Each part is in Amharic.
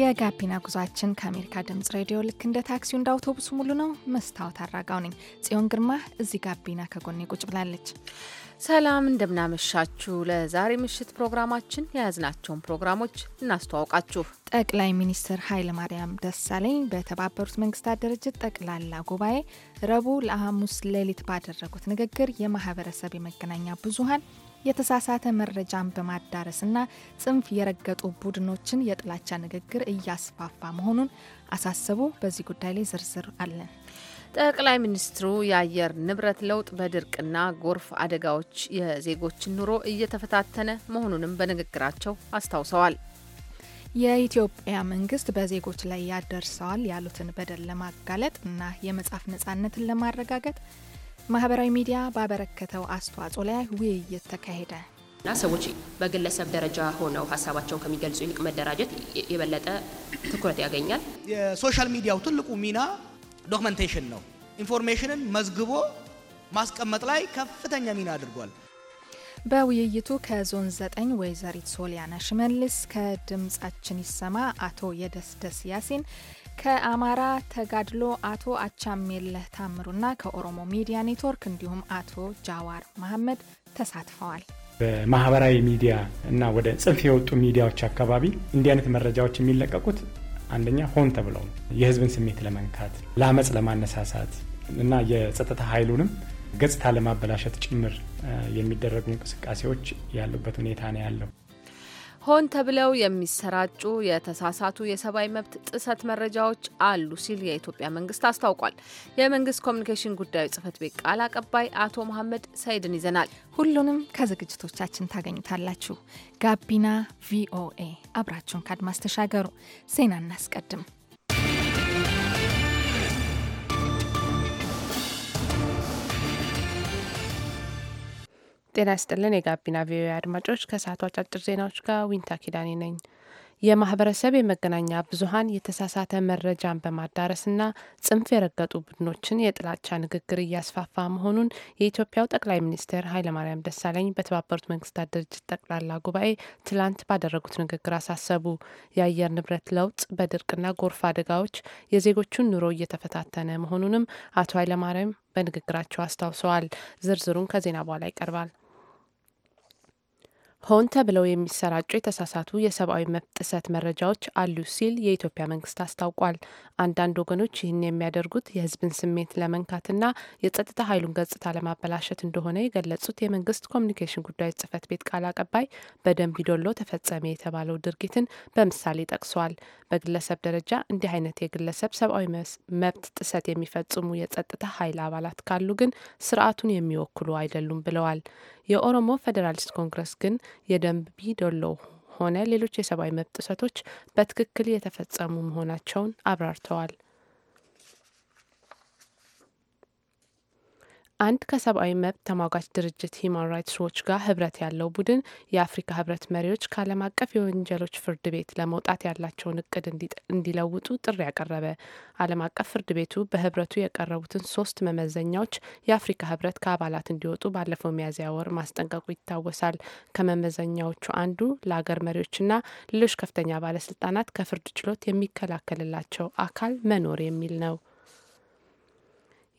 የጋቢና ጉዟችን ከአሜሪካ ድምጽ ሬዲዮ ልክ እንደ ታክሲው እንደ አውቶቡስ ሙሉ ነው። መስታወት አራጋው ነኝ። ጽዮን ግርማ እዚህ ጋቢና ከጎኔ ቁጭ ብላለች። ሰላም እንደምናመሻችሁ። ለዛሬ ምሽት ፕሮግራማችን የያዝናቸውን ፕሮግራሞች እናስተዋውቃችሁ። ጠቅላይ ሚኒስትር ኃይለማርያም ደሳለኝ በተባበሩት መንግስታት ድርጅት ጠቅላላ ጉባኤ ረቡዕ ለሐሙስ ሌሊት ባደረጉት ንግግር የማህበረሰብ የመገናኛ ብዙሀን የተሳሳተ መረጃን በማዳረስና ጽንፍ የረገጡ ቡድኖችን የጥላቻ ንግግር እያስፋፋ መሆኑን አሳሰቡ። በዚህ ጉዳይ ላይ ዝርዝር አለን። ጠቅላይ ሚኒስትሩ የአየር ንብረት ለውጥ በድርቅና ጎርፍ አደጋዎች የዜጎችን ኑሮ እየተፈታተነ መሆኑንም በንግግራቸው አስታውሰዋል። የኢትዮጵያ መንግስት በዜጎች ላይ ያደርሰዋል ያሉትን በደል ለማጋለጥ እና የመጻፍ ነጻነትን ለማረጋገጥ ማህበራዊ ሚዲያ ባበረከተው አስተዋጽኦ ላይ ውይይት ተካሄደ እና ሰዎች በግለሰብ ደረጃ ሆነው ሀሳባቸውን ከሚገልጹ ይልቅ መደራጀት የበለጠ ትኩረት ያገኛል። የሶሻል ሚዲያው ትልቁ ሚና ዶክመንቴሽን ነው። ኢንፎርሜሽንን መዝግቦ ማስቀመጥ ላይ ከፍተኛ ሚና አድርጓል። በውይይቱ ከዞን ዘጠኝ ወይዘሪት ሶሊያና ሽመልስ፣ ከድምጻችን ይሰማ አቶ የደስደስ ያሲን፣ ከአማራ ተጋድሎ አቶ አቻምየለህ ታምሩና ከኦሮሞ ሚዲያ ኔትወርክ እንዲሁም አቶ ጃዋር መሐመድ ተሳትፈዋል። በማህበራዊ ሚዲያ እና ወደ ጽንፍ የወጡ ሚዲያዎች አካባቢ እንዲህ አይነት መረጃዎች የሚለቀቁት አንደኛ ሆን ተብለው የህዝብን ስሜት ለመንካት፣ ለአመፅ ለማነሳሳት እና የጸጥታ ኃይሉንም ገጽታ ለማበላሸት ጭምር የሚደረጉ እንቅስቃሴዎች ያሉበት ሁኔታ ነው ያለው። ሆን ተብለው የሚሰራጩ የተሳሳቱ የሰብአዊ መብት ጥሰት መረጃዎች አሉ ሲል የኢትዮጵያ መንግስት አስታውቋል። የመንግስት ኮሚኒኬሽን ጉዳዮች ጽህፈት ቤት ቃል አቀባይ አቶ መሐመድ ሰይድን ይዘናል። ሁሉንም ከዝግጅቶቻችን ታገኙታላችሁ። ጋቢና ቪኦኤ፣ አብራችሁን ከአድማስ ተሻገሩ። ዜና እናስቀድም። ጤና ይስጥልን የጋቢና ቪኦኤ አድማጮች፣ ከሰዓቱ አጫጭር ዜናዎች ጋር ዊንታ ኪዳኔ ነኝ። የማህበረሰብ የመገናኛ ብዙሀን የተሳሳተ መረጃን በማዳረስና ጽንፍ የረገጡ ቡድኖችን የጥላቻ ንግግር እያስፋፋ መሆኑን የኢትዮጵያው ጠቅላይ ሚኒስትር ኃይለማርያም ደሳለኝ በተባበሩት መንግስታት ድርጅት ጠቅላላ ጉባኤ ትላንት ባደረጉት ንግግር አሳሰቡ። የአየር ንብረት ለውጥ በድርቅና ጎርፍ አደጋዎች የዜጎቹን ኑሮ እየተፈታተነ መሆኑንም አቶ ኃይለማርያም በንግግራቸው አስታውሰዋል። ዝርዝሩን ከዜና በኋላ ይቀርባል። ሆን ተብለው የሚሰራጩ የተሳሳቱ የሰብአዊ መብት ጥሰት መረጃዎች አሉ ሲል የኢትዮጵያ መንግስት አስታውቋል። አንዳንድ ወገኖች ይህን የሚያደርጉት የህዝብን ስሜት ለመንካትና የጸጥታ ኃይሉን ገጽታ ለማበላሸት እንደሆነ የገለጹት የመንግስት ኮሚኒኬሽን ጉዳዮች ጽህፈት ቤት ቃል አቀባይ ዶሎ ተፈጸመ የተባለው ድርጊትን በምሳሌ ጠቅሰዋል። በግለሰብ ደረጃ እንዲህ አይነት የግለሰብ ሰብአዊ መብት ጥሰት የሚፈጽሙ የጸጥታ ኃይል አባላት ካሉ ግን ስርዓቱን የሚወክሉ አይደሉም ብለዋል። የኦሮሞ ፌዴራሊስት ኮንግረስ ግን የደንቢ ዶሎ ሆነ ሌሎች የሰብአዊ መብት ጥሰቶች በትክክል የተፈጸሙ መሆናቸውን አብራርተዋል። አንድ ከሰብአዊ መብት ተሟጋች ድርጅት ሂማን ራይትስ ዎች ጋር ህብረት ያለው ቡድን የአፍሪካ ህብረት መሪዎች ከዓለም አቀፍ የወንጀሎች ፍርድ ቤት ለመውጣት ያላቸውን እቅድ እንዲለውጡ ጥሪ ያቀረበ። ዓለም አቀፍ ፍርድ ቤቱ በህብረቱ የቀረቡትን ሶስት መመዘኛዎች የአፍሪካ ህብረት ከአባላት እንዲወጡ ባለፈው ሚያዝያ ወር ማስጠንቀቁ ይታወሳል። ከመመዘኛዎቹ አንዱ ለአገር መሪዎችና ሌሎች ከፍተኛ ባለስልጣናት ከፍርድ ችሎት የሚከላከልላቸው አካል መኖር የሚል ነው።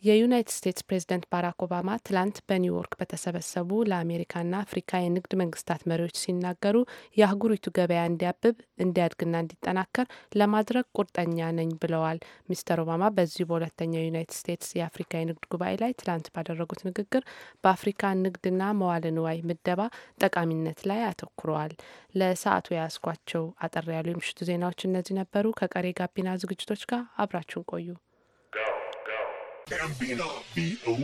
የዩናይትድ ስቴትስ ፕሬዝደንት ባራክ ኦባማ ትላንት በኒውዮርክ በተሰበሰቡ ለአሜሪካና አፍሪካ የንግድ መንግስታት መሪዎች ሲናገሩ የአህጉሪቱ ገበያ እንዲያብብ እንዲያድግና እንዲጠናከር ለማድረግ ቁርጠኛ ነኝ ብለዋል። ሚስተር ኦባማ በዚሁ በሁለተኛው የዩናይትድ ስቴትስ የአፍሪካ የንግድ ጉባኤ ላይ ትላንት ባደረጉት ንግግር በአፍሪካ ንግድና መዋለ ንዋይ ምደባ ጠቃሚነት ላይ አተኩረዋል። ለሰዓቱ የያዝኳቸው አጠር ያሉ የምሽቱ ዜናዎች እነዚህ ነበሩ። ከቀሬ ጋቢና ዝግጅቶች ጋር አብራችሁን ቆዩ። ጋቢና ቪኦኤ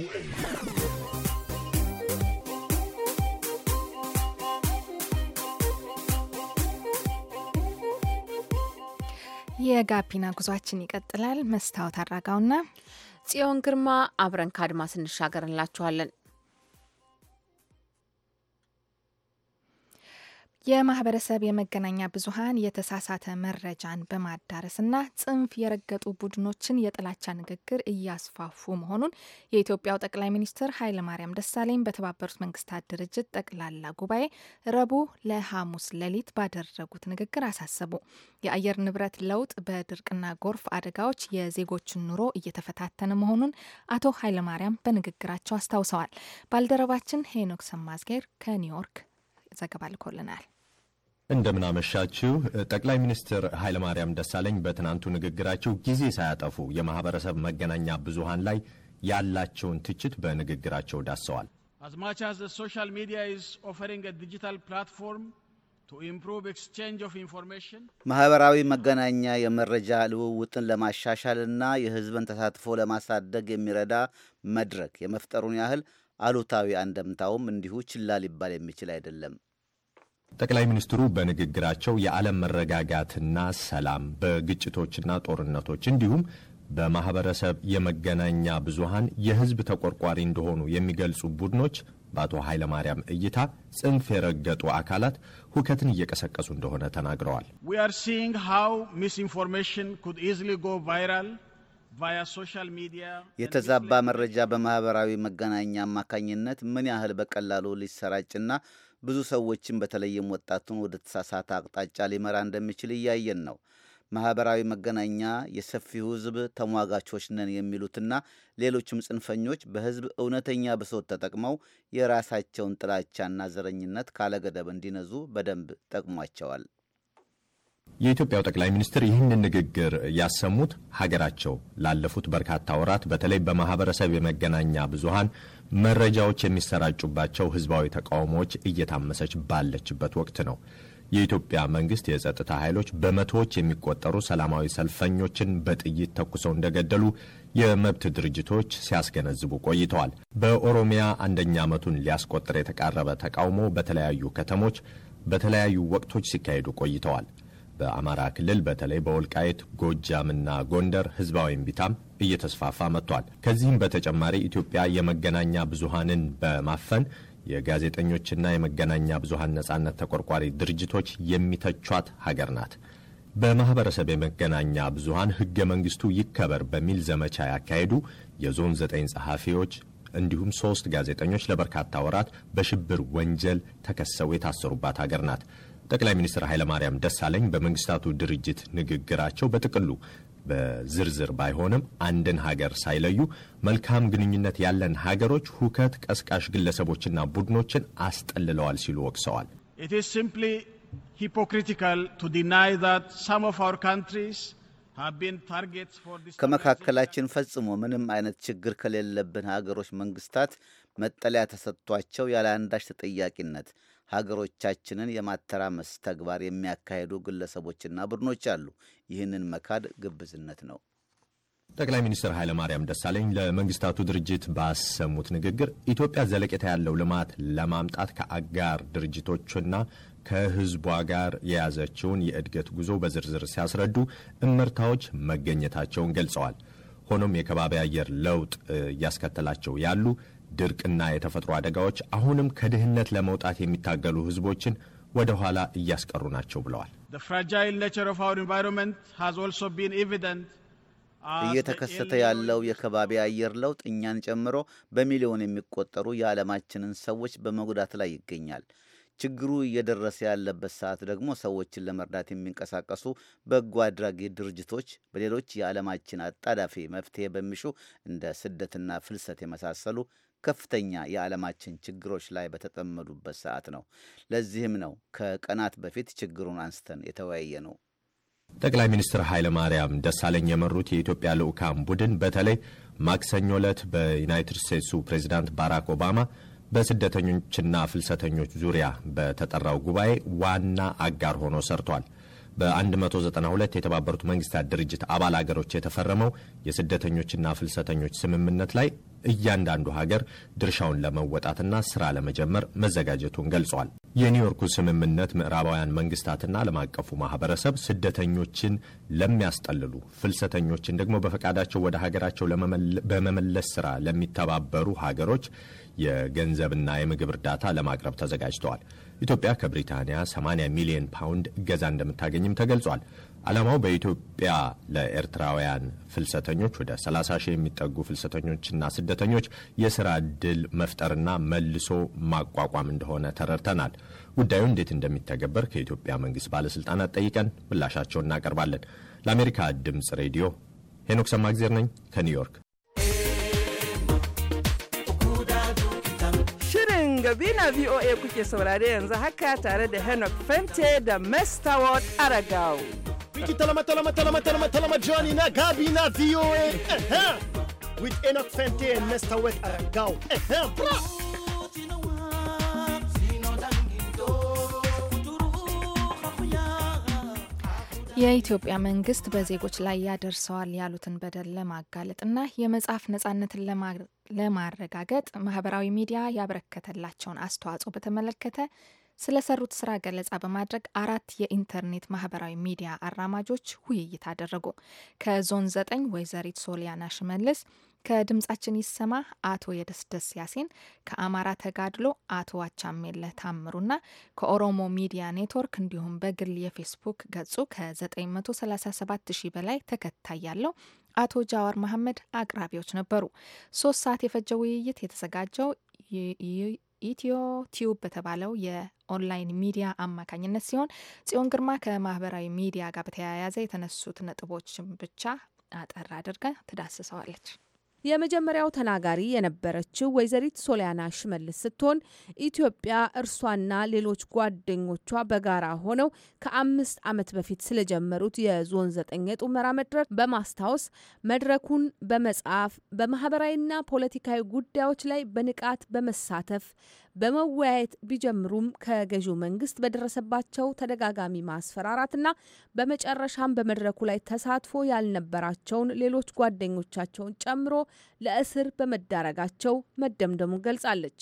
የጋቢና ጉዟችን ይቀጥላል። መስታወት አድራጋውና ጽዮን ግርማ አብረን ከአድማስ እንሻገር የማህበረሰብ የመገናኛ ብዙሃን የተሳሳተ መረጃን በማዳረስና ጽንፍ የረገጡ ቡድኖችን የጥላቻ ንግግር እያስፋፉ መሆኑን የኢትዮጵያው ጠቅላይ ሚኒስትር ኃይለማርያም ደሳለኝ በተባበሩት መንግስታት ድርጅት ጠቅላላ ጉባኤ ረቡዕ ለሐሙስ ሌሊት ባደረጉት ንግግር አሳሰቡ። የአየር ንብረት ለውጥ በድርቅና ጎርፍ አደጋዎች የዜጎችን ኑሮ እየተፈታተነ መሆኑን አቶ ኃይለማርያም በንግግራቸው አስታውሰዋል። ባልደረባችን ሄኖክ ሰማዝጌር ከኒውዮርክ ዘገባ ልኮልናል። እንደምናመሻችሁ ጠቅላይ ሚኒስትር ኃይለማርያም ደሳለኝ በትናንቱ ንግግራቸው ጊዜ ሳያጠፉ የማህበረሰብ መገናኛ ብዙሃን ላይ ያላቸውን ትችት በንግግራቸው ዳሰዋል። as much ሚዲያ the social media is offering a digital ማህበራዊ መገናኛ የመረጃ ልውውጥን ለማሻሻልና የህዝብን ተሳትፎ ለማሳደግ የሚረዳ መድረክ የመፍጠሩን ያህል አሉታዊ አንደምታውም እንዲሁ ችላ ሊባል የሚችል አይደለም። ጠቅላይ ሚኒስትሩ በንግግራቸው የዓለም መረጋጋትና ሰላም በግጭቶችና ጦርነቶች እንዲሁም በማኅበረሰብ የመገናኛ ብዙሃን የሕዝብ ተቆርቋሪ እንደሆኑ የሚገልጹ ቡድኖች በአቶ ኃይለማርያም እይታ ጽንፍ የረገጡ አካላት ሁከትን እየቀሰቀሱ እንደሆነ ተናግረዋል። የተዛባ መረጃ በማኅበራዊ መገናኛ አማካኝነት ምን ያህል በቀላሉ ሊሰራጭና ብዙ ሰዎችን በተለይም ወጣቱን ወደ ተሳሳተ አቅጣጫ ሊመራ እንደሚችል እያየን ነው። ማህበራዊ መገናኛ የሰፊው ህዝብ ተሟጋቾች ነን የሚሉትና ሌሎችም ጽንፈኞች በህዝብ እውነተኛ ብሶት ተጠቅመው የራሳቸውን ጥላቻና ዘረኝነት ካለገደብ እንዲነዙ በደንብ ጠቅሟቸዋል። የኢትዮጵያው ጠቅላይ ሚኒስትር ይህንን ንግግር ያሰሙት ሀገራቸው ላለፉት በርካታ ወራት በተለይ በማህበረሰብ የመገናኛ ብዙሃን መረጃዎች የሚሰራጩባቸው ህዝባዊ ተቃውሞዎች እየታመሰች ባለችበት ወቅት ነው። የኢትዮጵያ መንግስት የጸጥታ ኃይሎች በመቶዎች የሚቆጠሩ ሰላማዊ ሰልፈኞችን በጥይት ተኩሰው እንደገደሉ የመብት ድርጅቶች ሲያስገነዝቡ ቆይተዋል። በኦሮሚያ አንደኛ ዓመቱን ሊያስቆጥር የተቃረበ ተቃውሞ በተለያዩ ከተሞች በተለያዩ ወቅቶች ሲካሄዱ ቆይተዋል። በአማራ ክልል በተለይ በወልቃየት ጎጃምና ጎንደር ህዝባዊ እምቢታም እየተስፋፋ መጥቷል። ከዚህም በተጨማሪ ኢትዮጵያ የመገናኛ ብዙሃንን በማፈን የጋዜጠኞችና የመገናኛ ብዙሃን ነጻነት ተቆርቋሪ ድርጅቶች የሚተቿት ሀገር ናት። በማህበረሰብ የመገናኛ ብዙሃን ህገ መንግስቱ ይከበር በሚል ዘመቻ ያካሄዱ የዞን ዘጠኝ ጸሐፊዎች እንዲሁም ሶስት ጋዜጠኞች ለበርካታ ወራት በሽብር ወንጀል ተከሰው የታሰሩባት ሀገር ናት። ጠቅላይ ሚኒስትር ኃይለማርያም ደሳለኝ በመንግስታቱ ድርጅት ንግግራቸው በጥቅሉ በዝርዝር ባይሆንም አንድን ሀገር ሳይለዩ መልካም ግንኙነት ያለን ሀገሮች ሁከት ቀስቃሽ ግለሰቦችና ቡድኖችን አስጠልለዋል ሲሉ ወቅሰዋል። ከመካከላችን ፈጽሞ ምንም አይነት ችግር ከሌለብን ሀገሮች መንግስታት መጠለያ ተሰጥቷቸው ያለ አንዳች ተጠያቂነት ሀገሮቻችንን የማተራመስ ተግባር የሚያካሂዱ ግለሰቦችና ቡድኖች አሉ። ይህንን መካድ ግብዝነት ነው። ጠቅላይ ሚኒስትር ኃይለማርያም ደሳለኝ ለመንግስታቱ ድርጅት ባሰሙት ንግግር ኢትዮጵያ ዘለቄታ ያለው ልማት ለማምጣት ከአጋር ድርጅቶችና ከህዝቧ ጋር የያዘችውን የእድገት ጉዞ በዝርዝር ሲያስረዱ እመርታዎች መገኘታቸውን ገልጸዋል። ሆኖም የከባቢ አየር ለውጥ እያስከተላቸው ያሉ ድርቅና የተፈጥሮ አደጋዎች አሁንም ከድህነት ለመውጣት የሚታገሉ ህዝቦችን ወደ ኋላ እያስቀሩ ናቸው ብለዋል። እየተከሰተ ያለው የከባቢ አየር ለውጥ እኛን ጨምሮ በሚሊዮን የሚቆጠሩ የዓለማችንን ሰዎች በመጉዳት ላይ ይገኛል። ችግሩ እየደረሰ ያለበት ሰዓት ደግሞ ሰዎችን ለመርዳት የሚንቀሳቀሱ በጎ አድራጊ ድርጅቶች በሌሎች የዓለማችን አጣዳፊ መፍትሄ በሚሹ እንደ ስደትና ፍልሰት የመሳሰሉ ከፍተኛ የዓለማችን ችግሮች ላይ በተጠመዱበት ሰዓት ነው። ለዚህም ነው ከቀናት በፊት ችግሩን አንስተን የተወያየ ነው። ጠቅላይ ሚኒስትር ኃይለ ማርያም ደሳለኝ የመሩት የኢትዮጵያ ልዑካን ቡድን በተለይ ማክሰኞ ዕለት በዩናይትድ ስቴትሱ ፕሬዚዳንት ባራክ ኦባማ በስደተኞችና ፍልሰተኞች ዙሪያ በተጠራው ጉባኤ ዋና አጋር ሆኖ ሰርቷል። በ192 የተባበሩት መንግስታት ድርጅት አባል አገሮች የተፈረመው የስደተኞችና ፍልሰተኞች ስምምነት ላይ እያንዳንዱ ሀገር ድርሻውን ለመወጣትና ስራ ለመጀመር መዘጋጀቱን ገልጿል። የኒውዮርኩ ስምምነት ምዕራባውያን መንግስታትና ዓለም አቀፉ ማህበረሰብ ስደተኞችን ለሚያስጠልሉ ፍልሰተኞችን ደግሞ በፈቃዳቸው ወደ ሀገራቸው በመመለስ ስራ ለሚተባበሩ ሀገሮች የገንዘብና የምግብ እርዳታ ለማቅረብ ተዘጋጅተዋል። ኢትዮጵያ ከብሪታንያ 80 ሚሊዮን ፓውንድ እገዛ እንደምታገኝም ተገልጿል። ዓላማው በኢትዮጵያ ለኤርትራውያን ፍልሰተኞች ወደ 30 ሺህ የሚጠጉ ፍልሰተኞችና ስደተኞች የስራ ዕድል መፍጠርና መልሶ ማቋቋም እንደሆነ ተረድተናል። ጉዳዩ እንዴት እንደሚተገበር ከኢትዮጵያ መንግስት ባለስልጣናት ጠይቀን ምላሻቸውን እናቀርባለን። ለአሜሪካ ድምፅ ሬዲዮ ሄኖክ ሰማግዜር ነኝ ከኒውዮርክ። Gabina VOA kuke saurare yanzu haka tare da Henok Fente da Mestaward Aragao. talama talama talama talama talama Johnny na Gabi na VOA. Uh-huh. With Enoch Fenty and Mr. Wet Aragao. Uh-huh. የኢትዮጵያ መንግስት በዜጎች ላይ ያደርሰዋል ያሉትን በደል ለማጋለጥና የመጽሐፍ ነጻነትን ለማረጋገጥ ማህበራዊ ሚዲያ ያበረከተላቸውን አስተዋጽኦ በተመለከተ ስለሰሩት ስራ ገለጻ በማድረግ አራት የኢንተርኔት ማህበራዊ ሚዲያ አራማጆች ውይይት አደረጉ። ከዞን ዘጠኝ ወይዘሪት ሶሊያና ሽመልስ፣ ከድምጻችን ይሰማ አቶ የደስደስ ያሴን፣ ከአማራ ተጋድሎ አቶ አቻሜለህ ታምሩና ከኦሮሞ ሚዲያ ኔትወርክ እንዲሁም በግል የፌስቡክ ገጹ ከ937 ሺህ በላይ ተከታይ ያለው አቶ ጃዋር መሐመድ አቅራቢዎች ነበሩ። ሶስት ሰዓት የፈጀው ውይይት የተዘጋጀው ኢትዮ ቲዩብ በተባለው የኦንላይን ሚዲያ አማካኝነት ሲሆን ጽዮን ግርማ ከማህበራዊ ሚዲያ ጋር በተያያዘ የተነሱት ነጥቦችን ብቻ አጠር አድርጋ ትዳስሰዋለች። የመጀመሪያው ተናጋሪ የነበረችው ወይዘሪት ሶሊያና ሽመልስ ስትሆን ኢትዮጵያ እርሷና ሌሎች ጓደኞቿ በጋራ ሆነው ከአምስት ዓመት በፊት ስለጀመሩት የዞን ዘጠኝ የጡመራ መድረክ በማስታወስ መድረኩን በመጻፍ በማህበራዊና ፖለቲካዊ ጉዳዮች ላይ በንቃት በመሳተፍ በመወያየት ቢጀምሩም ከገዢው መንግስት በደረሰባቸው ተደጋጋሚ ማስፈራራትና በመጨረሻም በመድረኩ ላይ ተሳትፎ ያልነበራቸውን ሌሎች ጓደኞቻቸውን ጨምሮ ለእስር በመዳረጋቸው መደምደሙን ገልጻለች።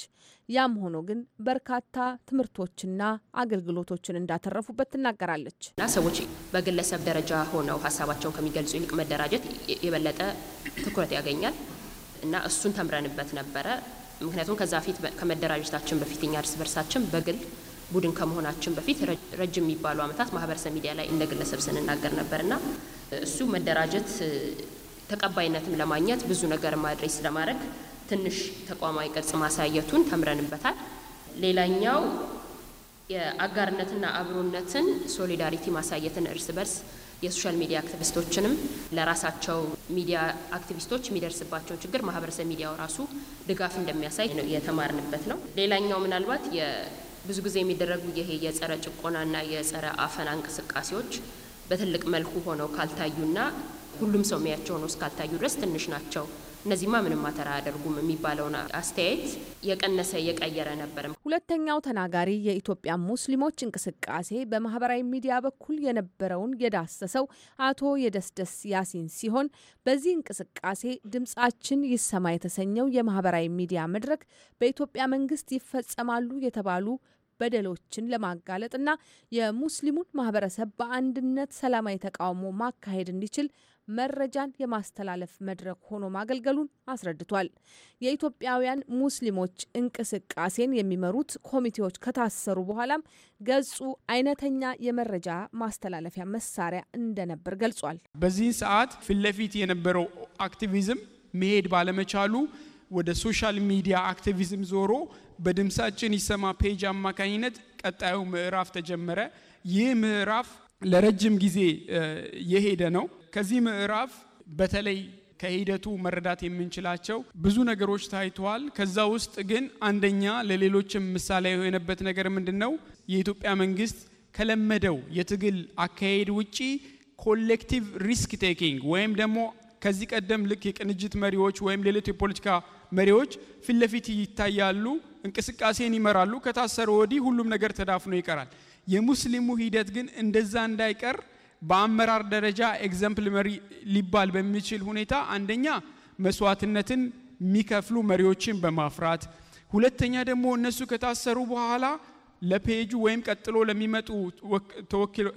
ያም ሆኖ ግን በርካታ ትምህርቶችና አገልግሎቶችን እንዳተረፉበት ትናገራለች። እና ሰዎች በግለሰብ ደረጃ ሆነው ሀሳባቸውን ከሚገልጹ ይልቅ መደራጀት የበለጠ ትኩረት ያገኛል እና እሱን ተምረንበት ነበረ። ምክንያቱም ከዛ ፊት ከመደራጀታችን በፊት እኛ እርስ በርሳችን በግል ቡድን ከመሆናችን በፊት ረጅም የሚባሉ ዓመታት ማህበረሰብ ሚዲያ ላይ እንደ ግለሰብ ስንናገር ነበርና እሱ መደራጀት ተቀባይነትም ለማግኘት ብዙ ነገር ማድሬስ ለማድረግ ትንሽ ተቋማዊ ቅርጽ ማሳየቱን ተምረንበታል። ሌላኛው የአጋርነትና አብሮነትን ሶሊዳሪቲ ማሳየትን እርስ በርስ የሶሻል ሚዲያ አክቲቪስቶችንም ለራሳቸው ሚዲያ አክቲቪስቶች የሚደርስባቸውን ችግር ማህበረሰብ ሚዲያው ራሱ ድጋፍ እንደሚያሳይ ነው የተማርንበት ነው። ሌላኛው ምናልባት ብዙ ጊዜ የሚደረጉ ይሄ የጸረ ጭቆናና የጸረ አፈና እንቅስቃሴዎች በትልቅ መልኩ ሆነው ካልታዩና ሁሉም ሰው የሚያቸው ሆነው እስካልታዩ ድረስ ትንሽ ናቸው እነዚህማ ምንም ማተራ አያደርጉም የሚባለውን አስተያየት የቀነሰ የቀየረ ነበርም። ሁለተኛው ተናጋሪ የኢትዮጵያ ሙስሊሞች እንቅስቃሴ በማህበራዊ ሚዲያ በኩል የነበረውን የዳሰሰው አቶ የደስደስ ያሲን ሲሆን በዚህ እንቅስቃሴ ድምጻችን ይሰማ የተሰኘው የማህበራዊ ሚዲያ መድረክ በኢትዮጵያ መንግስት ይፈጸማሉ የተባሉ በደሎችን ለማጋለጥና የሙስሊሙን ማህበረሰብ በአንድነት ሰላማዊ ተቃውሞ ማካሄድ እንዲችል መረጃን የማስተላለፍ መድረክ ሆኖ ማገልገሉን አስረድቷል። የኢትዮጵያውያን ሙስሊሞች እንቅስቃሴን የሚመሩት ኮሚቴዎች ከታሰሩ በኋላም ገጹ አይነተኛ የመረጃ ማስተላለፊያ መሳሪያ እንደነበር ገልጿል። በዚህ ሰዓት ፊት ለፊት የነበረው አክቲቪዝም መሄድ ባለመቻሉ ወደ ሶሻል ሚዲያ አክቲቪዝም ዞሮ በድምሳችን ይሰማ ፔጅ አማካኝነት ቀጣዩ ምዕራፍ ተጀመረ። ይህ ምዕራፍ ለረጅም ጊዜ የሄደ ነው። ከዚህ ምዕራፍ በተለይ ከሂደቱ መረዳት የምንችላቸው ብዙ ነገሮች ታይተዋል። ከዛ ውስጥ ግን አንደኛ ለሌሎችም ምሳሌ የሆነበት ነገር ምንድን ነው? የኢትዮጵያ መንግስት ከለመደው የትግል አካሄድ ውጪ ኮሌክቲቭ ሪስክ ቴኪንግ ወይም ደግሞ ከዚህ ቀደም ልክ የቅንጅት መሪዎች ወይም ሌሎች የፖለቲካ መሪዎች ፊት ለፊት ይታያሉ፣ እንቅስቃሴን ይመራሉ። ከታሰሩ ወዲህ ሁሉም ነገር ተዳፍኖ ይቀራል። የሙስሊሙ ሂደት ግን እንደዛ እንዳይቀር በአመራር ደረጃ ኤግዘምፕል መሪ ሊባል በሚችል ሁኔታ አንደኛ መስዋዕትነትን የሚከፍሉ መሪዎችን በማፍራት ሁለተኛ ደግሞ እነሱ ከታሰሩ በኋላ ለፔጁ ወይም ቀጥሎ ለሚመጡ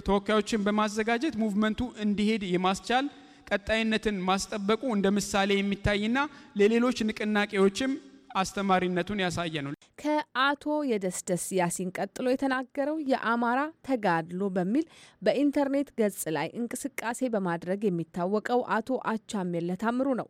ተወካዮችን በማዘጋጀት ሙቭመንቱ እንዲሄድ የማስቻል ቀጣይነትን ማስጠበቁ እንደ ምሳሌ የሚታይና ለሌሎች ንቅናቄዎችም አስተማሪነቱን ያሳየ ነው። ከአቶ የደስደስ ያሲን ቀጥሎ የተናገረው የአማራ ተጋድሎ በሚል በኢንተርኔት ገጽ ላይ እንቅስቃሴ በማድረግ የሚታወቀው አቶ አቻሜለህ ታምሩ ነው።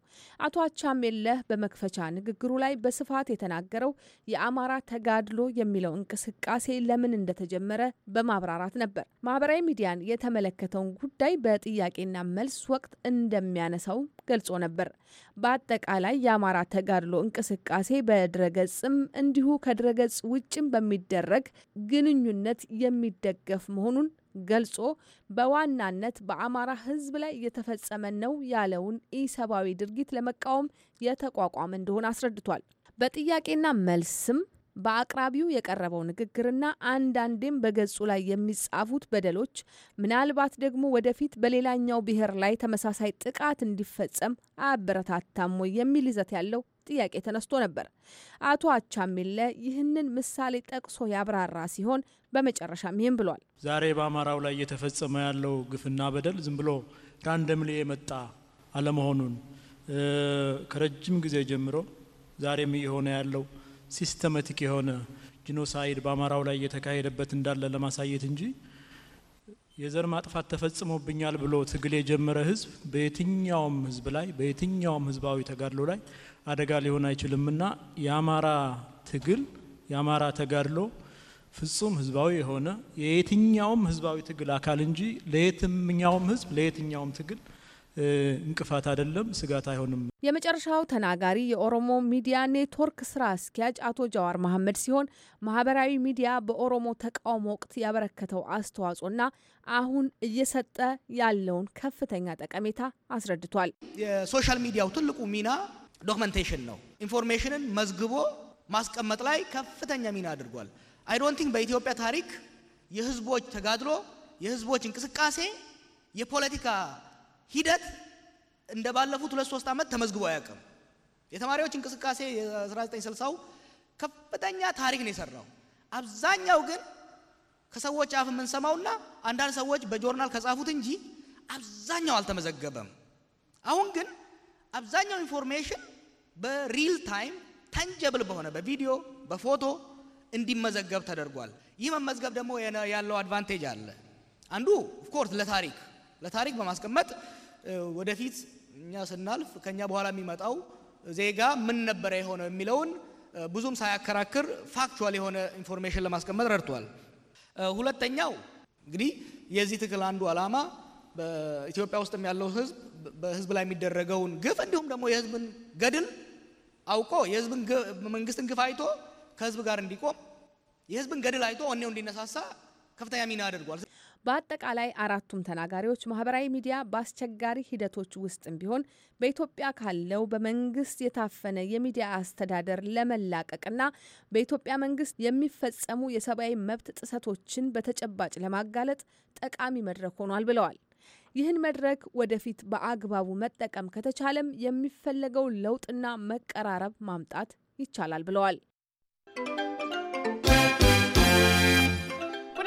አቶ አቻሜለህ በመክፈቻ ንግግሩ ላይ በስፋት የተናገረው የአማራ ተጋድሎ የሚለው እንቅስቃሴ ለምን እንደተጀመረ በማብራራት ነበር። ማህበራዊ ሚዲያን የተመለከተውን ጉዳይ በጥያቄና መልስ ወቅት እንደሚያነሳው ገልጾ ነበር። በአጠቃላይ የአማራ ተጋድሎ እንቅስቃሴ በድረገጽም እንዲሁ ከድረገጽ ውጭም በሚደረግ ግንኙነት የሚደገፍ መሆኑን ገልጾ በዋናነት በአማራ ሕዝብ ላይ እየተፈጸመ ነው ያለውን ኢሰብአዊ ድርጊት ለመቃወም የተቋቋመ እንደሆነ አስረድቷል። በጥያቄና መልስም በአቅራቢው የቀረበው ንግግርና አንዳንዴም በገጹ ላይ የሚጻፉት በደሎች ምናልባት ደግሞ ወደፊት በሌላኛው ብሔር ላይ ተመሳሳይ ጥቃት እንዲፈጸም አያበረታታም ወይ የሚል ይዘት ያለው ጥያቄ ተነስቶ ነበር። አቶ አቻሚለ ይህንን ምሳሌ ጠቅሶ ያብራራ ሲሆን በመጨረሻም ይህም ብሏል። ዛሬ በአማራው ላይ እየተፈጸመ ያለው ግፍና በደል ዝም ብሎ ራንደምሊ የመጣ አለመሆኑን ከረጅም ጊዜ ጀምሮ ዛሬም እየሆነ ያለው ሲስተማቲክ የሆነ ጂኖሳይድ በአማራው ላይ እየተካሄደበት እንዳለ ለማሳየት እንጂ የዘር ማጥፋት ተፈጽሞብኛል ብሎ ትግል የጀመረ ህዝብ በየትኛውም ህዝብ ላይ በየትኛውም ህዝባዊ ተጋድሎ ላይ አደጋ ሊሆን አይችልምና የአማራ ትግል የአማራ ተጋድሎ ፍጹም ህዝባዊ የሆነ የየትኛውም ህዝባዊ ትግል አካል እንጂ ለየትኛውም ህዝብ ለየትኛውም ትግል እንቅፋት አይደለም፣ ስጋት አይሆንም። የመጨረሻው ተናጋሪ የኦሮሞ ሚዲያ ኔትወርክ ስራ አስኪያጅ አቶ ጃዋር መሐመድ ሲሆን ማህበራዊ ሚዲያ በኦሮሞ ተቃውሞ ወቅት ያበረከተው አስተዋጽኦና አሁን እየሰጠ ያለውን ከፍተኛ ጠቀሜታ አስረድቷል። የሶሻል ሚዲያው ትልቁ ሚና ዶክመንቴሽን ነው። ኢንፎርሜሽንን መዝግቦ ማስቀመጥ ላይ ከፍተኛ ሚና አድርጓል። አይ ዶንት ቲንክ በኢትዮጵያ ታሪክ የህዝቦች ተጋድሎ፣ የህዝቦች እንቅስቃሴ የፖለቲካ ሂደት እንደ ባለፉት ሁለት ሶስት ዓመት ተመዝግቦ አያውቅም። የተማሪዎች እንቅስቃሴ የ1960ው ከፍተኛ ታሪክ ነው የሰራው። አብዛኛው ግን ከሰዎች አፍ የምንሰማውና አንዳንድ ሰዎች በጆርናል ከጻፉት እንጂ አብዛኛው አልተመዘገበም። አሁን ግን አብዛኛው ኢንፎርሜሽን በሪል ታይም ተንጀብል በሆነ በቪዲዮ በፎቶ እንዲመዘገብ ተደርጓል። ይህ መመዝገብ ደግሞ ያለው አድቫንቴጅ አለ። አንዱ ኦፍኮርስ ለታሪክ ለታሪክ በማስቀመጥ ወደፊት እኛ ስናልፍ ከኛ በኋላ የሚመጣው ዜጋ ምን ነበረ የሆነው የሚለውን ብዙም ሳያከራክር ፋክቹዋል የሆነ ኢንፎርሜሽን ለማስቀመጥ ረድቷል። ሁለተኛው እንግዲህ የዚህ ትግል አንዱ ዓላማ በኢትዮጵያ ውስጥም ያለው ህዝብ በህዝብ ላይ የሚደረገውን ግፍ እንዲሁም ደግሞ የህዝብን ገድል አውቆ የህዝብን መንግስትን ግፍ አይቶ ከህዝብ ጋር እንዲቆም የህዝብን ገድል አይቶ ወኔው እንዲነሳሳ ከፍተኛ ሚና አድርጓል። በአጠቃላይ አራቱም ተናጋሪዎች ማህበራዊ ሚዲያ በአስቸጋሪ ሂደቶች ውስጥም ቢሆን በኢትዮጵያ ካለው በመንግስት የታፈነ የሚዲያ አስተዳደር ለመላቀቅና በኢትዮጵያ መንግስት የሚፈጸሙ የሰብአዊ መብት ጥሰቶችን በተጨባጭ ለማጋለጥ ጠቃሚ መድረክ ሆኗል ብለዋል። ይህን መድረክ ወደፊት በአግባቡ መጠቀም ከተቻለም የሚፈለገው ለውጥና መቀራረብ ማምጣት ይቻላል ብለዋል።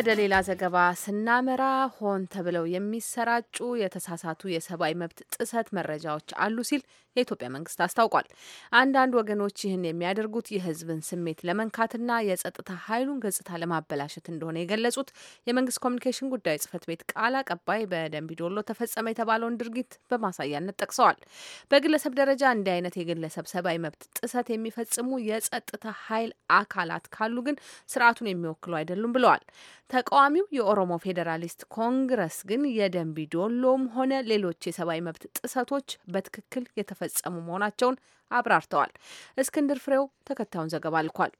ወደ ሌላ ዘገባ ስናመራ ሆን ተብለው የሚሰራጩ የተሳሳቱ የሰብአዊ መብት ጥሰት መረጃዎች አሉ ሲል የኢትዮጵያ መንግስት አስታውቋል። አንዳንድ ወገኖች ይህን የሚያደርጉት የህዝብን ስሜት ለመንካትና የጸጥታ ኃይሉን ገጽታ ለማበላሸት እንደሆነ የገለጹት የመንግስት ኮሚኒኬሽን ጉዳይ ጽህፈት ቤት ቃል አቀባይ ዶሎ ተፈጸመ የተባለውን ድርጊት በማሳያነት ጠቅሰዋል። በግለሰብ ደረጃ እንዲህ አይነት የግለሰብ ሰብአዊ መብት ጥሰት የሚፈጽሙ የጸጥታ ኃይል አካላት ካሉ ግን ስርዓቱን የሚወክሉ አይደሉም ብለዋል። ተቃዋሚው የኦሮሞ ፌዴራሊስት ኮንግረስ ግን ዶሎም ሆነ ሌሎች የሰብአዊ መብት ጥሰቶች በትክክል የተፈ እየፈጸሙ መሆናቸውን አብራርተዋል። እስክንድር ፍሬው ተከታዩን ዘገባ ልኳል።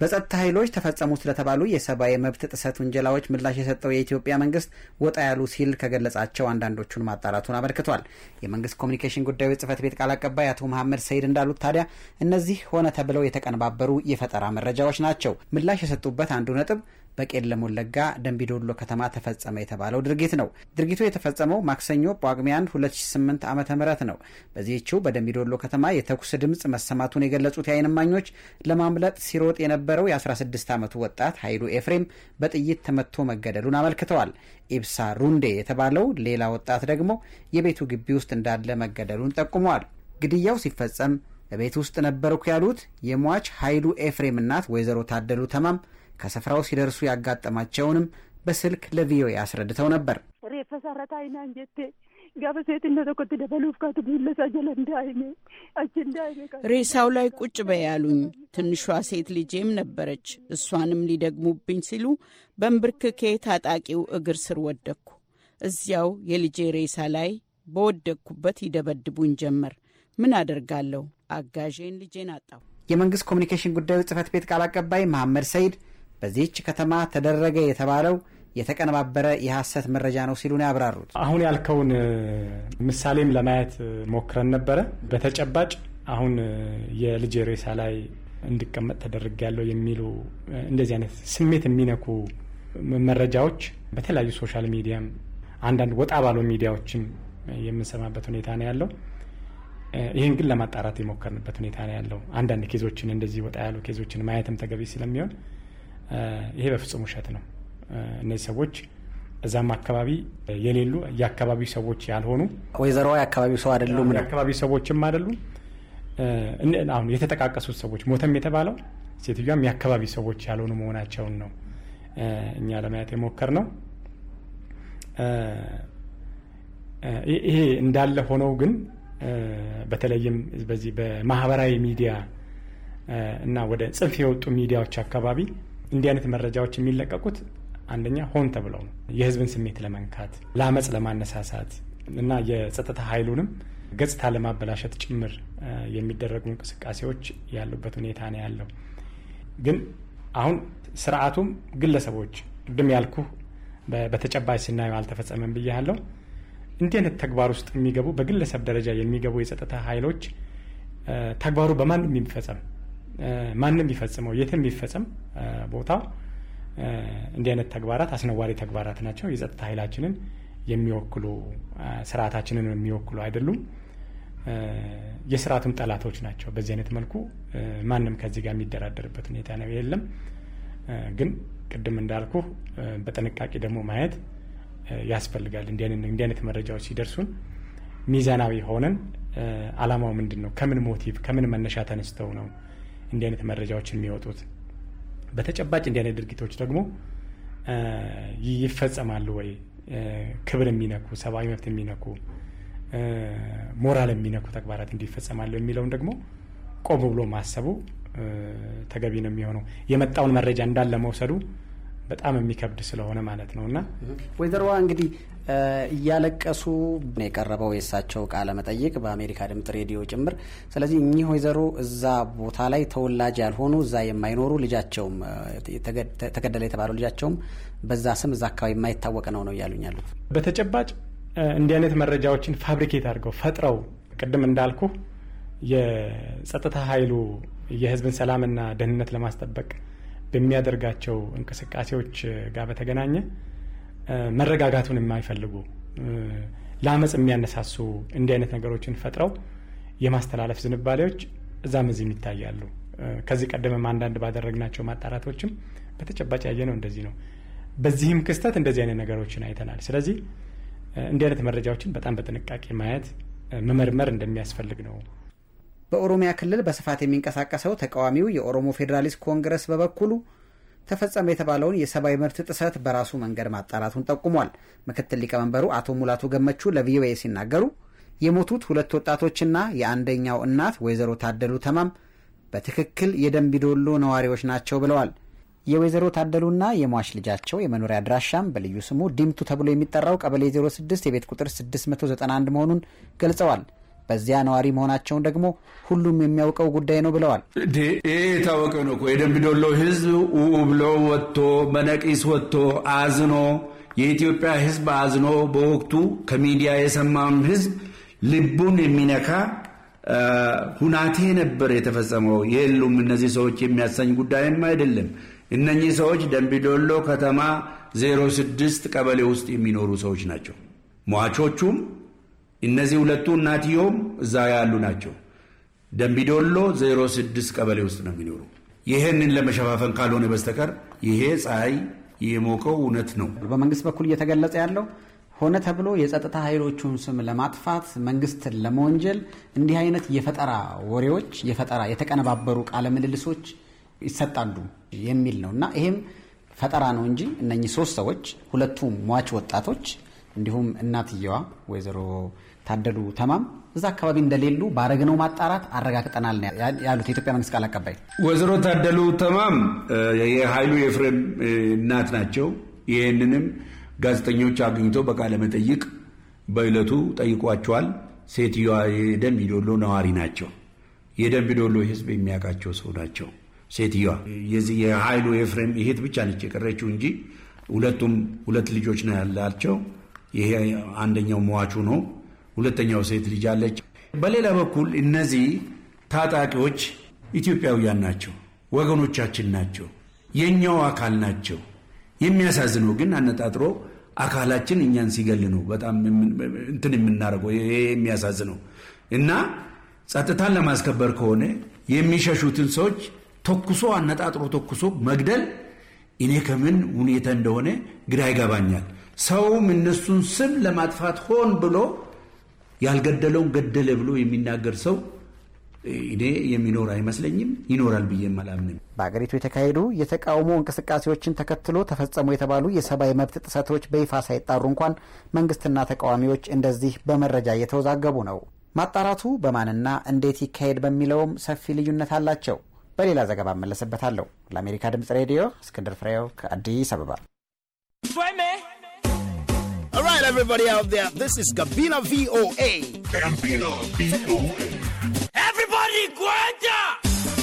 በጸጥታ ኃይሎች ተፈጸሙ ስለተባሉ የሰብአዊ መብት ጥሰት ውንጀላዎች ምላሽ የሰጠው የኢትዮጵያ መንግስት ወጣ ያሉ ሲል ከገለጻቸው አንዳንዶቹን ማጣራቱን አመልክቷል። የመንግስት ኮሚኒኬሽን ጉዳዮች ጽህፈት ቤት ቃል አቀባይ አቶ መሐመድ ሰይድ እንዳሉት ታዲያ እነዚህ ሆነ ተብለው የተቀነባበሩ የፈጠራ መረጃዎች ናቸው። ምላሽ የሰጡበት አንዱ ነጥብ በቄለም ወለጋ ደንቢዶሎ ከተማ ተፈጸመ የተባለው ድርጊት ነው። ድርጊቱ የተፈጸመው ማክሰኞ ጳጉሜ 1 2008 ዓ ም ነው። በዚህችው በደንቢዶሎ ከተማ የተኩስ ድምፅ መሰማቱን የገለጹት የዓይን እማኞች ለማምለጥ ሲሮጥ የነበረው የ16 ዓመቱ ወጣት ኃይሉ ኤፍሬም በጥይት ተመቶ መገደሉን አመልክተዋል። ኢብሳ ሩንዴ የተባለው ሌላ ወጣት ደግሞ የቤቱ ግቢ ውስጥ እንዳለ መገደሉን ጠቁመዋል። ግድያው ሲፈጸም በቤት ውስጥ ነበርኩ ያሉት የሟች ኃይሉ ኤፍሬም እናት ወይዘሮ ታደሉ ተማም ከስፍራው ሲደርሱ ያጋጠማቸውንም በስልክ ለቪኦኤ አስረድተው ነበር። ሬሳው ላይ ቁጭ በያሉኝ ትንሿ ሴት ልጄም ነበረች። እሷንም ሊደግሙብኝ ሲሉ በንብርክኬ ታጣቂው እግር ስር ወደቅኩ። እዚያው የልጄ ሬሳ ላይ በወደቅኩበት ይደበድቡኝ ጀመር። ምን አደርጋለሁ? አጋዤን ልጄን አጣሁ። የመንግስት ኮሚኒኬሽን ጉዳዮች ጽህፈት ቤት ቃል አቀባይ መሐመድ ሰይድ በዚህች ከተማ ተደረገ የተባለው የተቀነባበረ የሐሰት መረጃ ነው ሲሉ ነው ያብራሩት። አሁን ያልከውን ምሳሌም ለማየት ሞክረን ነበረ። በተጨባጭ አሁን የልጅ ሬሳ ላይ እንዲቀመጥ ተደርግ ያለው የሚሉ እንደዚህ አይነት ስሜት የሚነኩ መረጃዎች በተለያዩ ሶሻል ሚዲያም አንዳንድ ወጣ ባሉ ሚዲያዎችም የምንሰማበት ሁኔታ ነው ያለው። ይህን ግን ለማጣራት የሞከርንበት ሁኔታ ነው ያለው። አንዳንድ ኬዞችን እንደዚህ ወጣ ያሉ ኬዞችን ማየትም ተገቢ ስለሚሆን ይሄ በፍጹም ውሸት ነው። እነዚህ ሰዎች እዛም አካባቢ የሌሉ የአካባቢው ሰዎች ያልሆኑ ወይዘሮ የአካባቢው ሰው አይደሉም ነው የአካባቢው ሰዎችም አይደሉም። አሁን የተጠቃቀሱት ሰዎች ሞተም የተባለው ሴትዮዋም የአካባቢ ሰዎች ያልሆኑ መሆናቸውን ነው እኛ ለማየት የሞከር ነው። ይሄ እንዳለ ሆነው ግን በተለይም በዚህ በማህበራዊ ሚዲያ እና ወደ ጽንፍ የወጡ ሚዲያዎች አካባቢ እንዲህ አይነት መረጃዎች የሚለቀቁት አንደኛ ሆን ተብለው ነው። የህዝብን ስሜት ለመንካት፣ ለአመፅ ለማነሳሳት እና የጸጥታ ኃይሉንም ገጽታ ለማበላሸት ጭምር የሚደረጉ እንቅስቃሴዎች ያሉበት ሁኔታ ነው ያለው። ግን አሁን ስርዓቱም ግለሰቦች ቅድም ያልኩ በተጨባጭ ስናየው አልተፈጸመም ብዬ ያለው እንዲህ አይነት ተግባር ውስጥ የሚገቡ በግለሰብ ደረጃ የሚገቡ የጸጥታ ኃይሎች ተግባሩ በማንም የሚፈጸም ማንም ቢፈጽመው የትም ቢፈጽም ቦታ እንዲህ አይነት ተግባራት አስነዋሪ ተግባራት ናቸው። የጸጥታ ኃይላችንን የሚወክሉ ስርዓታችንን የሚወክሉ አይደሉም። የስርዓቱም ጠላቶች ናቸው። በዚህ አይነት መልኩ ማንም ከዚህ ጋር የሚደራደርበት ሁኔታ ነው የለም። ግን ቅድም እንዳልኩ በጥንቃቄ ደግሞ ማየት ያስፈልጋል። እንዲህ አይነት መረጃዎች ሲደርሱን ሚዛናዊ ሆነን አላማው ምንድን ነው፣ ከምን ሞቲቭ ከምን መነሻ ተነስተው ነው እንዲህ አይነት መረጃዎች የሚወጡት? በተጨባጭ እንዲህ አይነት ድርጊቶች ደግሞ ይፈጸማሉ ወይ? ክብር የሚነኩ ሰብአዊ መብት የሚነኩ ሞራል የሚነኩ ተግባራት እንዲፈጸማሉ የሚለውን ደግሞ ቆም ብሎ ማሰቡ ተገቢ ነው የሚሆነው። የመጣውን መረጃ እንዳለ መውሰዱ በጣም የሚከብድ ስለሆነ ማለት ነውና ወይዘሮዋ እንግዲህ እያለቀሱ የቀረበው የእሳቸው ቃለ መጠይቅ በአሜሪካ ድምጽ ሬዲዮ ጭምር። ስለዚህ እኚህ ወይዘሮ እዛ ቦታ ላይ ተወላጅ ያልሆኑ እዛ የማይኖሩ ልጃቸውም ተገደለ የተባለው ልጃቸውም በዛ ስም እዛ አካባቢ የማይታወቅ ነው ነው እያሉኝ ያሉት። በተጨባጭ እንዲህ አይነት መረጃዎችን ፋብሪኬት አድርገው ፈጥረው ቅድም እንዳልኩ የጸጥታ ኃይሉ የህዝብን ሰላምና ደህንነት ለማስጠበቅ በሚያደርጋቸው እንቅስቃሴዎች ጋር በተገናኘ መረጋጋቱን የማይፈልጉ ለአመፅ የሚያነሳሱ እንዲህ አይነት ነገሮችን ፈጥረው የማስተላለፍ ዝንባሌዎች እዛም እዚህም ይታያሉ። ከዚህ ቀደምም አንዳንድ ባደረግናቸው ማጣራቶችም በተጨባጭ ያየነው እንደዚህ ነው። በዚህም ክስተት እንደዚህ አይነት ነገሮችን አይተናል። ስለዚህ እንዲህ አይነት መረጃዎችን በጣም በጥንቃቄ ማየት መመርመር እንደሚያስፈልግ ነው በኦሮሚያ ክልል በስፋት የሚንቀሳቀሰው ተቃዋሚው የኦሮሞ ፌዴራሊስት ኮንግረስ በበኩሉ ተፈጸመ የተባለውን የሰብአዊ መብት ጥሰት በራሱ መንገድ ማጣራቱን ጠቁሟል። ምክትል ሊቀመንበሩ አቶ ሙላቱ ገመቹ ለቪኦኤ ሲናገሩ የሞቱት ሁለት ወጣቶችና የአንደኛው እናት ወይዘሮ ታደሉ ተማም በትክክል የደንቢዶሎ ነዋሪዎች ናቸው ብለዋል። የወይዘሮ ታደሉና የሟች ልጃቸው የመኖሪያ አድራሻም በልዩ ስሙ ዲምቱ ተብሎ የሚጠራው ቀበሌ 06 የቤት ቁጥር 691 መሆኑን ገልጸዋል። በዚያ ነዋሪ መሆናቸውን ደግሞ ሁሉም የሚያውቀው ጉዳይ ነው ብለዋል። ይህ የታወቀ ነው እኮ የደምቢ ህዝብ ኡ ብሎ ወጥቶ በነቂስ ወጥቶ አዝኖ የኢትዮጵያ ህዝብ አዝኖ በወቅቱ ከሚዲያ የሰማም ህዝብ ልቡን የሚነካ ሁናቴ ነበር የተፈጸመው። የሉም እነዚህ ሰዎች የሚያሰኝ ጉዳይም አይደለም። እነኚህ ሰዎች ደምቢዶሎ ከተማ 06 ቀበሌ ውስጥ የሚኖሩ ሰዎች ናቸው። ሟቾቹም እነዚህ ሁለቱ እናትዮም እዛ ያሉ ናቸው። ደምቢዶሎ 06 ቀበሌ ውስጥ ነው የሚኖሩ። ይህንን ለመሸፋፈን ካልሆነ በስተቀር ይሄ ፀሐይ የሞቀው እውነት ነው። በመንግስት በኩል እየተገለጸ ያለው ሆነ ተብሎ የጸጥታ ኃይሎቹን ስም ለማጥፋት መንግስትን ለመወንጀል እንዲህ አይነት የፈጠራ ወሬዎች፣ የፈጠራ የተቀነባበሩ ቃለ ምልልሶች ይሰጣሉ የሚል ነው እና ይሄም ፈጠራ ነው እንጂ እነኚህ ሶስት ሰዎች ሁለቱ ሟች ወጣቶች እንዲሁም እናትየዋ ወይዘሮ ታደሉ ተማም እዛ አካባቢ እንደሌሉ ባረግነው ማጣራት አረጋግጠናል ያሉት የኢትዮጵያ መንግስት ቃል አቀባይ ወይዘሮ ታደሉ ተማም የሀይሉ የፍሬም እናት ናቸው። ይህንንም ጋዜጠኞች አግኝቶ በቃለ መጠይቅ በዕለቱ ጠይቋቸዋል። ሴትዮዋ የደንቢ ዶሎ ነዋሪ ናቸው። የደንቢ ዶሎ ህዝብ የሚያውቃቸው ሰው ናቸው። ሴትዮዋ የዚህ የኃይሉ የፍሬም ይሄት ብቻ ነች የቀረችው እንጂ ሁለቱም ሁለት ልጆች ነው ያላቸው። ይሄ አንደኛው መዋቹ ነው። ሁለተኛው ሴት ልጅ አለች። በሌላ በኩል እነዚህ ታጣቂዎች ኢትዮጵያውያን ናቸው፣ ወገኖቻችን ናቸው፣ የእኛው አካል ናቸው። የሚያሳዝነው ግን አነጣጥሮ አካላችን እኛን ሲገል ነው በጣም እንትን የምናደርገው ይሄ የሚያሳዝነው እና ጸጥታን ለማስከበር ከሆነ የሚሸሹትን ሰዎች ተኩሶ አነጣጥሮ ተኩሶ መግደል እኔ ከምን ሁኔታ እንደሆነ ግራ ይገባኛል። ሰውም እነሱን ስም ለማጥፋት ሆን ብሎ ያልገደለውን ገደለ ብሎ የሚናገር ሰው እኔ የሚኖር አይመስለኝም፣ ይኖራል ብዬ አላምንም። በአገሪቱ የተካሄዱ የተቃውሞ እንቅስቃሴዎችን ተከትሎ ተፈጸሙ የተባሉ የሰብአዊ መብት ጥሰቶች በይፋ ሳይጣሩ እንኳን መንግስትና ተቃዋሚዎች እንደዚህ በመረጃ እየተወዛገቡ ነው። ማጣራቱ በማንና እንዴት ይካሄድ በሚለውም ሰፊ ልዩነት አላቸው። በሌላ ዘገባ እመለስበታለሁ። ለአሜሪካ ድምጽ ሬዲዮ እስክንድር ፍሬው ከአዲስ አበባ right, everybody out there, this is Gabina VOA. Gabina VOA. Everybody, Guanta!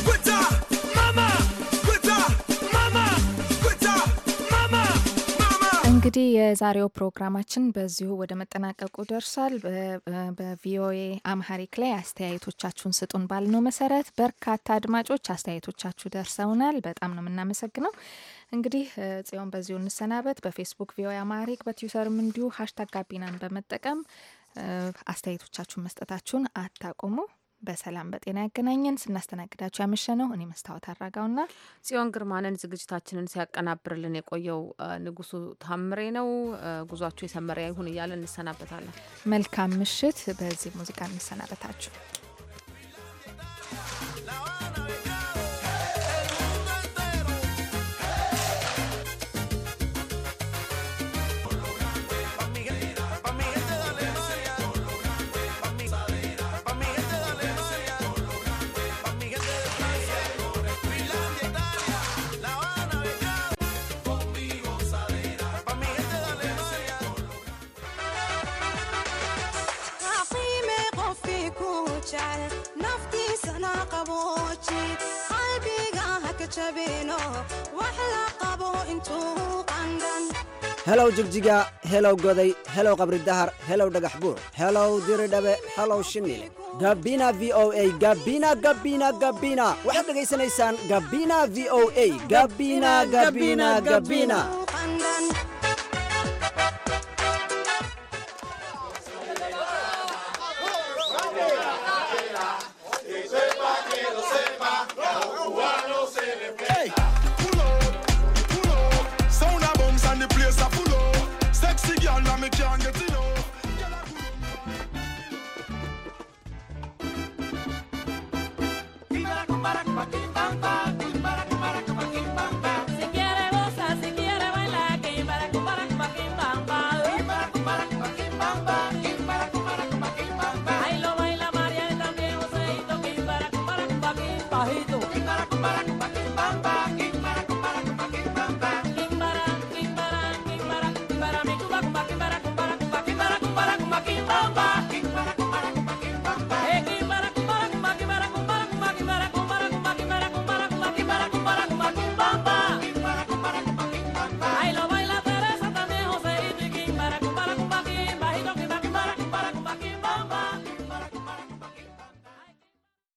Guanta! Mama! Guanta! Mama! Guanta! Mama! Mama! እንግዲህ የዛሬው ፕሮግራማችን በዚሁ ወደ መጠናቀቁ ደርሷል። በቪኦኤ አምሃሪክ ላይ አስተያየቶቻችሁን ስጡን ባልነው መሰረት በርካታ አድማጮች አስተያየቶቻችሁ ደርሰውናል። በጣም ነው የምናመሰግነው። እንግዲህ ጽዮን በዚሁ እንሰናበት። በፌስቡክ ቪኦኤ አማሪክ በትዊተርም እንዲሁ ሀሽታግ ጋቢናን በመጠቀም አስተያየቶቻችሁን መስጠታችሁን አታቁሙ። በሰላም በጤና ያገናኘን። ስናስተናግዳችሁ ያመሸ ነው እኔ መስታወት አራጋውና ጽዮን ግርማንን ዝግጅታችንን ሲያቀናብርልን የቆየው ንጉሱ ታምሬ ነው። ጉዟችሁ የሰመረ ይሁን እያለ እንሰናበታለን። መልካም ምሽት። በዚህ ሙዚቃ እንሰናበታችሁ። helow jigjiga helow goday helow qabri dahar helow dhagax buur helow diridhabe helow shiniile gabina v o a gabina gabina gabina waxaad dhegaysanaysaan gabina v o a gabina gabina gabina